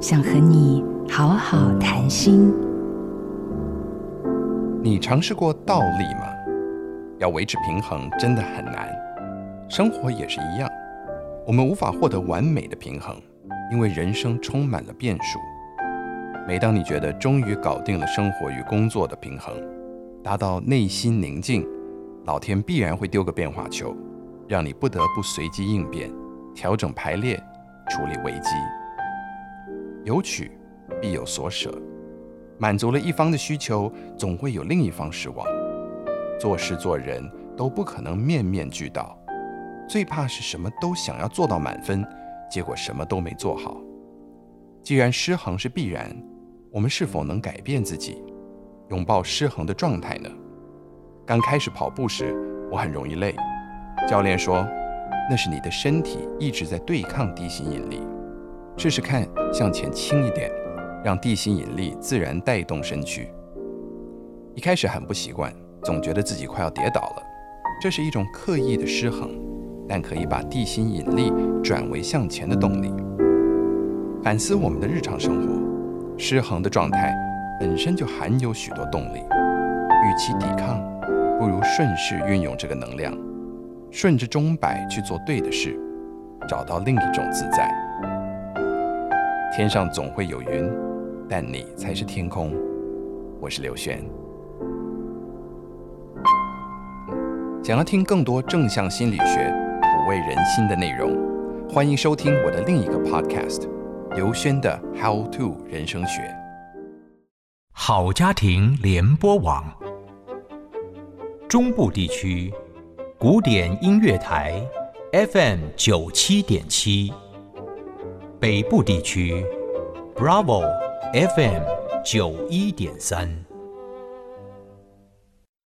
想和你好好談心。你嘗試過倒立嗎？要維持平衡真的很難。生活也是一樣，我們無法獲得完美的平衡，因為人生充滿了變數。每當你覺得終於搞定了生活與工作的平衡，達到內心寧靜，老天必然會丟個變化球，讓你不得不隨機應變，調整排列，處理危機。有取必有所捨，滿足了一方的需求，總會有另一方失望。做事做人都不可能面面俱到，最怕是什麼都想要做到滿分，結果什麼都沒做好。既然失衡是必然，我們是否能改變自己，擁抱失衡的狀態呢？剛開始跑步時，我很容易累，教練說那是你的身體一直在對抗地心引力。試試看，向前傾一點，讓地心引力自然帶動身軀。一開始很不習慣，總覺得自己快要跌倒了。這是一種刻意的失衡，但可以把地心引力轉為向前的動力。反思我們的日常生活，失衡的狀態本身就含有許多動力。與其抵抗，不如順勢運用這個能量，順着鐘擺去做對的事，找到另一種自在。天上總會有雲，但你才是天空。我是劉軒。想要聽更多正向心理學撫慰人心的內容，歡迎收聽我的另一個 podcast《劉軒的 How to 人生學》。好家庭聯播網，中部地區古典音樂台 FM 九七點七。北部地區，BRAVO FM 九一點三。